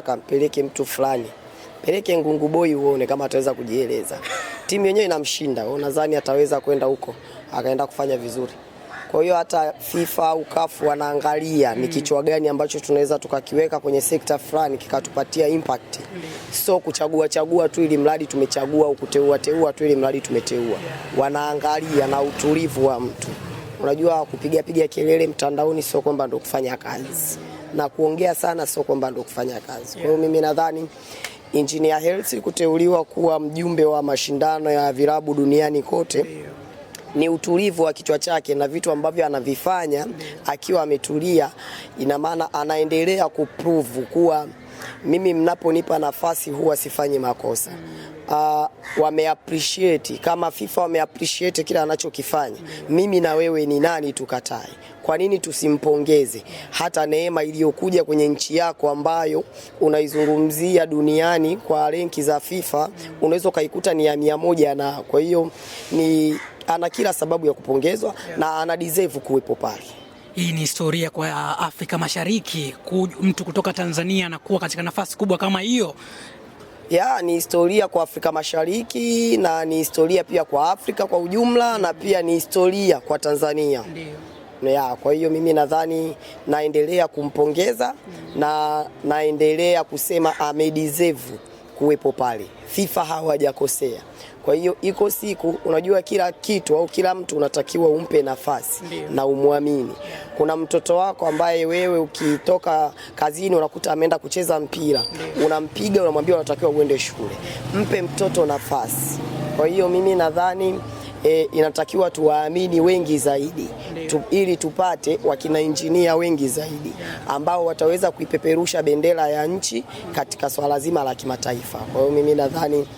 Kampeleke mtu fulani, peleke Ngungu Boy uone kama ataweza kujieleza. Timu yenyewe inamshinda, unadhani ataweza kwenda huko akaenda kufanya vizuri? Kwa hiyo hata FIFA au CAF wanaangalia ni mm. kichwa gani ambacho tunaweza tukakiweka kwenye sekta fulani kikatupatia impact, so kuchagua chagua tu ili mradi tumechagua au kuteua teua tu ili mradi tumeteua. Wanaangalia na utulivu wa mtu. Unajua kupiga piga kelele mtandaoni sio kwamba ndio kufanya kazi na kuongea sana sio kwamba ndio kufanya kazi. Kwa hiyo mimi nadhani Engineer Hersi kuteuliwa kuwa mjumbe wa mashindano ya vilabu duniani kote ni utulivu wa kichwa chake na vitu ambavyo anavifanya akiwa ametulia, ina maana anaendelea kuprove kuwa mimi mnaponipa nafasi huwa sifanyi makosa. Mm uh, wameappreciate kama FIFA wameappreciate kila anachokifanya. Mimi na wewe ni nani tukatai? Kwa nini tusimpongeze? Hata neema iliyokuja kwenye nchi yako ambayo unaizungumzia duniani kwa renki za FIFA unaweza ukaikuta ni ya mia moja, na kwa hiyo ni ana kila sababu ya kupongezwa na ana deserve kuwepo pale. Hii ni historia kwa uh, Afrika Mashariki, mtu kutoka Tanzania anakuwa katika nafasi kubwa kama hiyo ya ni historia kwa Afrika Mashariki na ni historia pia kwa Afrika kwa ujumla na pia ni historia kwa Tanzania. Ndio. Ya, kwa hiyo mimi nadhani naendelea kumpongeza mm. na naendelea kusema ame kuwepo pale. FIFA hawajakosea. Kwa hiyo iko siku, unajua kila kitu au kila mtu unatakiwa umpe nafasi Ndiyo. na umwamini. Kuna mtoto wako ambaye wewe ukitoka kazini unakuta ameenda kucheza mpira unampiga, unamwambia unatakiwa uende shule. Mpe mtoto nafasi. Kwa hiyo mimi nadhani E, inatakiwa tuwaamini wengi zaidi tu, ili tupate wakina injinia wengi zaidi ambao wataweza kuipeperusha bendera ya nchi katika swala zima la kimataifa. Kwa hiyo mimi nadhani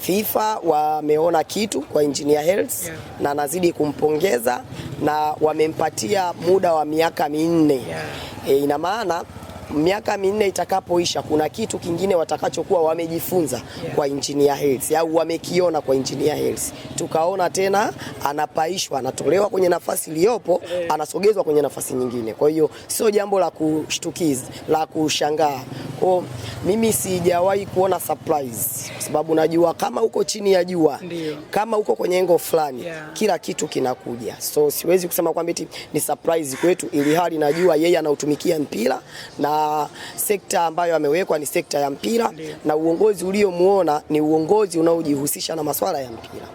FIFA wameona kitu kwa engineer Hersi yeah. na nazidi kumpongeza na wamempatia muda wa miaka minne yeah. E, ina maana miaka minne itakapoisha, kuna kitu kingine watakachokuwa wamejifunza kwa Engineer health au wamekiona kwa Engineer health, Tukaona tena anapaishwa, anatolewa kwenye nafasi iliyopo, anasogezwa kwenye nafasi nyingine. Kwa hiyo sio jambo la kushtukiza, la kushangaa. O, mimi sijawahi kuona surprise kwa sababu najua kama uko chini ya jua Ndiyo. Kama uko kwenye engo fulani yeah. Kila kitu kinakuja, so siwezi kusema kwamba ni surprise kwetu, ili hali najua yeye anautumikia mpira na sekta ambayo amewekwa ni sekta ya mpira Ndiyo. na uongozi uliomuona ni uongozi unaojihusisha na masuala ya mpira.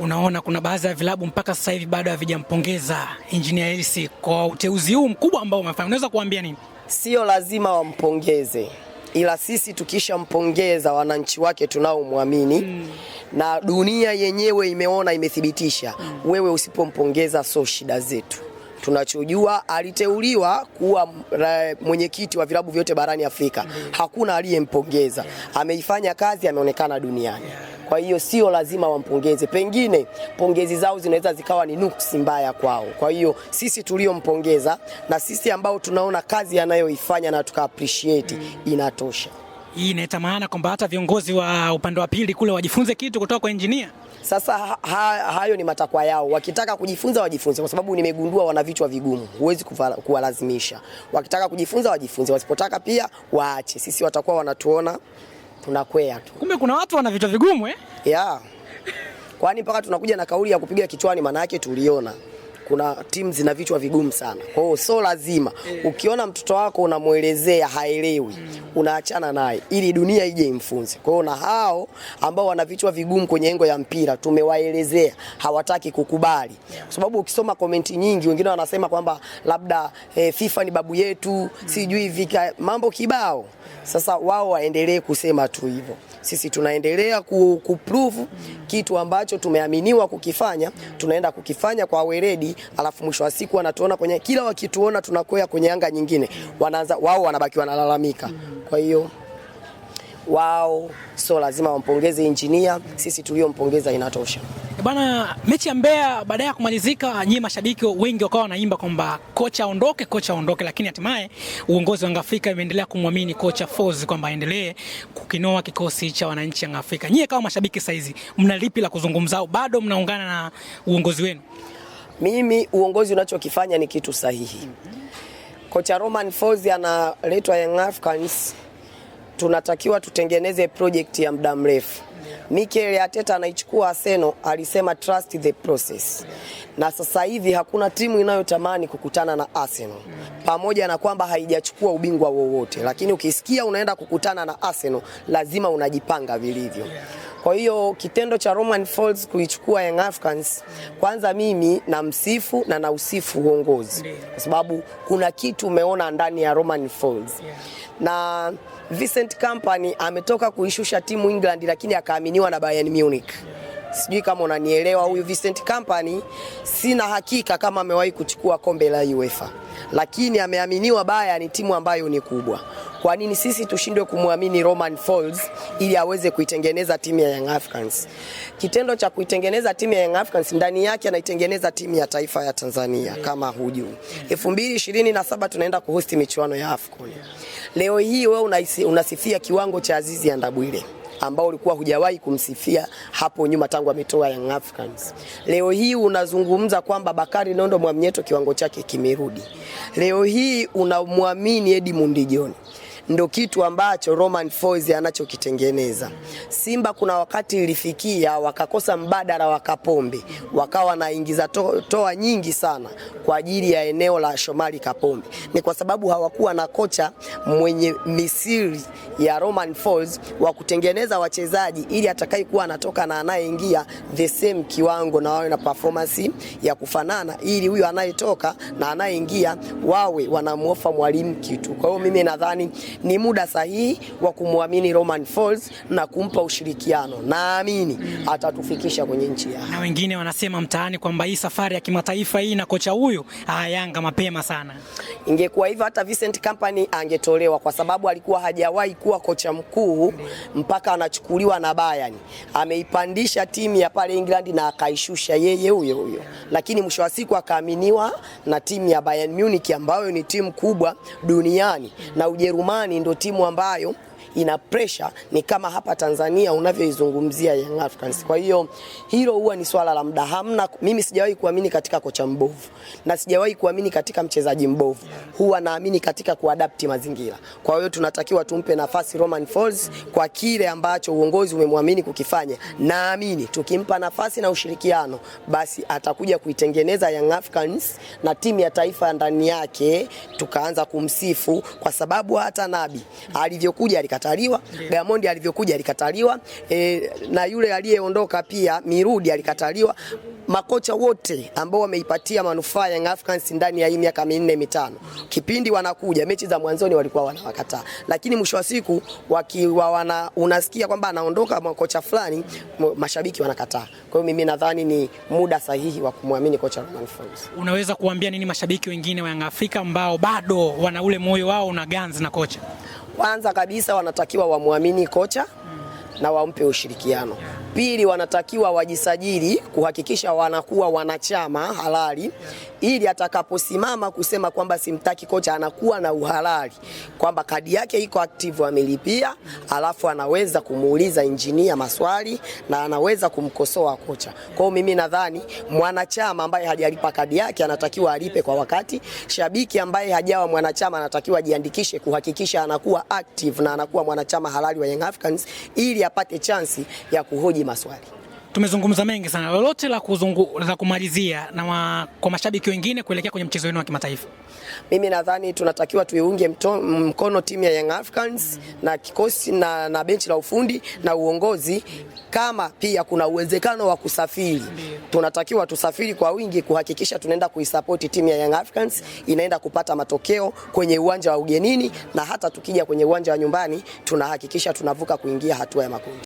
Unaona, kuna baadhi ya vilabu mpaka sasa hivi bado havijampongeza Engineer Hersi kwa uteuzi huu mkubwa ambao umefanya, unaweza kuambia nini? Sio lazima wampongeze, ila sisi tukishampongeza wananchi wake tunaomwamini hmm na dunia yenyewe imeona imethibitisha, mm. wewe usipompongeza so shida zetu tunachojua aliteuliwa kuwa eh, mwenyekiti wa vilabu vyote barani Afrika, hakuna aliyempongeza. Ameifanya kazi, ameonekana duniani. Kwa hiyo sio lazima wampongeze, pengine pongezi zao zinaweza zikawa ni nuksi mbaya kwao. Kwa hiyo sisi tuliompongeza na sisi ambao tunaona kazi anayoifanya na tuka appreciate inatosha. Hii inaeta maana kwamba hata viongozi wa upande wa pili kule wajifunze kitu kutoka kwa injinia Sasa ha, hayo ni matakwa yao. Wakitaka kujifunza wajifunze, kwa sababu nimegundua wana vichwa vigumu, huwezi kuwalazimisha. Wakitaka kujifunza wajifunze, wasipotaka pia waache. Sisi watakuwa wanatuona tunakwea tu. Kumbe kuna watu wana vichwa vigumu eh? Yeah. Kwani mpaka tunakuja na kauli ya kupiga kichwani, maana yake tuliona kuna timu zina vichwa vigumu sana. Kwa hiyo so lazima ukiona mtoto wako unamwelezea haelewi, unaachana naye ili dunia ije imfunze. Kwa hiyo na hao ambao wana vichwa vigumu kwenye engo ya mpira tumewaelezea, hawataki kukubali, kwa sababu ukisoma komenti nyingi, wengine wanasema kwamba labda eh, FIFA ni babu yetu, sijui vika mambo kibao. Sasa wao waendelee kusema tu hivyo, sisi tunaendelea kuprove kitu ambacho tumeaminiwa kukifanya, tunaenda kukifanya kwa weledi alafu mwisho wa siku wanatuona kwenye kila wakituona tunakwea kwenye anga nyingine, wanaanza wao wanabaki wanalalamika. Kwa hiyo wao sio lazima wampongeze injinia, sisi tuliompongeza inatosha. Eh, Bana, mechi ya Mbeya baada ya kumalizika, nyinyi mashabiki wengi wakawa wanaimba kwamba kocha aondoke, kocha aondoke, lakini hatimaye uongozi wa Yanga Afrika imeendelea kumwamini kocha Fozi kwamba aendelee kukinoa kikosi cha wananchi Yanga Afrika. Nyinyi kama mashabiki saizi, mna lipi la kuzungumza au bado mnaungana na uongozi wenu? Mimi uongozi unachokifanya ni kitu sahihi. Kocha Roman Fozi analetwa Young Africans, tunatakiwa tutengeneze project ya muda mrefu. Mikel Arteta anaichukua aseno alisema trust the process, na sasa hivi hakuna timu inayotamani kukutana na Arsenal, pamoja na kwamba haijachukua ubingwa wowote, lakini ukisikia unaenda kukutana na Arsenal lazima unajipanga vilivyo. Kwa hiyo kitendo cha roman Falls kuichukua Young Africans, kwanza mimi na msifu na na usifu uongozi kwa sababu kuna kitu umeona ndani ya roman Falls na Vincent Kompany ametoka kuishusha timu England, lakini akaaminiwa na Bayern Munich sijui kama unanielewa. Huyu Vincent Company sina hakika kama amewahi kuchukua kombe la UEFA, lakini ameaminiwa baya, ni timu ambayo ni kubwa. Kwa nini sisi tushindwe kumwamini Romain Folz ili aweze kuitengeneza timu ya Young Africans? Kitendo cha kuitengeneza timu ya Young Africans ndani yake anaitengeneza timu ya taifa ya Tanzania kama hujuu. 2027 tunaenda kuhosti michuano ya AFCON. Leo hii wewe unasifia kiwango cha Azizi Andabwile ambao ulikuwa hujawahi kumsifia hapo nyuma tangu ametoa Young Africans. Leo hii unazungumza kwamba Bakari Nondo Mwamnyeto kiwango chake kimerudi. Leo hii unamwamini Edmund John ndo kitu ambacho Romain Folz anachokitengeneza. Simba kuna wakati ilifikia wakakosa mbadala wa Kapombe, wakawa naingiza to, toa nyingi sana kwa ajili ya eneo la Shomari Kapombe. Ni kwa sababu hawakuwa na kocha mwenye misiri ya Romain Folz wa kutengeneza wachezaji ili kuwa anatoka na anayeingia the same kiwango na wawe na performance ya kufanana, ili huyo anayetoka na anayeingia wawe wanamuofa mwalimu kitu. Kwa hiyo mimi nadhani ni muda sahihi wa kumwamini Romain Folz na kumpa ushirikiano. Naamini atatufikisha kwenye nchi ya. Na wengine wanasema mtaani kwamba hii safari ya kimataifa hii na kocha huyu ah, Yanga mapema sana. Ingekuwa hivyo hata Vincent Company angetolewa kwa sababu alikuwa hajawahi kuwa kocha mkuu mpaka anachukuliwa na Bayern. Ameipandisha timu ya pale England na akaishusha yeye huyo huyo. Lakini mwisho wa siku akaaminiwa na timu ya Bayern Munich ambayo ni timu kubwa duniani na Ujerumani ndo ndio timu ambayo ina pressure ni kama hapa Tanzania unavyoizungumzia Young Africans. Kwa hiyo hilo huwa ni swala la muda. Hamna, mimi sijawahi kuamini katika kocha mbovu na sijawahi kuamini katika mchezaji mbovu, huwa naamini katika kuadapti mazingira. Kwa hiyo tunatakiwa tumpe nafasi Romain Folz kwa kile ambacho uongozi umemwamini kukifanya. Naamini tukimpa nafasi na ushirikiano, basi atakuja kuitengeneza Young Africans na timu ya taifa ndani yake, tukaanza kumsifu kwa sababu hata Nabi alivyokuja alika alikataliwa yeah. Diamond alivyokuja alikataliwa e, na yule aliyeondoka pia Mirudi alikataliwa. Makocha wote ambao wameipatia manufaa Young Africans ndani ya hii miaka minne mitano, kipindi wanakuja mechi za mwanzoni walikuwa wanawakataa, lakini mwisho wa siku wakiwa wana, unasikia kwamba anaondoka makocha fulani, mashabiki wanakataa. Kwa hiyo mimi nadhani ni muda sahihi wa kumwamini kocha Romain Folz. Unaweza kuambia nini mashabiki wengine wa Young Africa ambao bado wana ule moyo wao na ganzi na kocha? kwanza kabisa wanatakiwa wamwamini kocha na wampe ushirikiano. Pili, wanatakiwa wajisajili kuhakikisha wanakuwa wanachama halali, ili atakaposimama kusema kwamba simtaki kocha, anakuwa na uhalali kwamba kadi yake iko active, amelipia, alafu anaweza kumuuliza injinia maswali na anaweza kumkosoa kocha. Kwa hiyo mimi nadhani mwanachama ambaye hajalipa kadi yake anatakiwa alipe kwa wakati. Shabiki ambaye hajawa mwanachama anatakiwa ajiandikishe kuhakikisha anakuwa active na anakuwa mwanachama halali wa Young Africans ili apate chansi ya kuhoji niulizieje maswali. Tumezungumza mengi sana, lolote la, kuzungu, la kumalizia na ma, kwa mashabiki wengine kuelekea kwenye mchezo wenu wa kimataifa? Mimi nadhani tunatakiwa tuiunge mkono timu ya Young Africans mm, na kikosi na, na benchi la ufundi mm, na uongozi, kama pia kuna uwezekano wa kusafiri, mm, tunatakiwa tusafiri kwa wingi kuhakikisha tunaenda kuisapoti timu ya Young Africans mm, inaenda kupata matokeo kwenye uwanja wa ugenini, mm, na hata tukija kwenye uwanja wa nyumbani tunahakikisha tunavuka kuingia hatua ya makundi.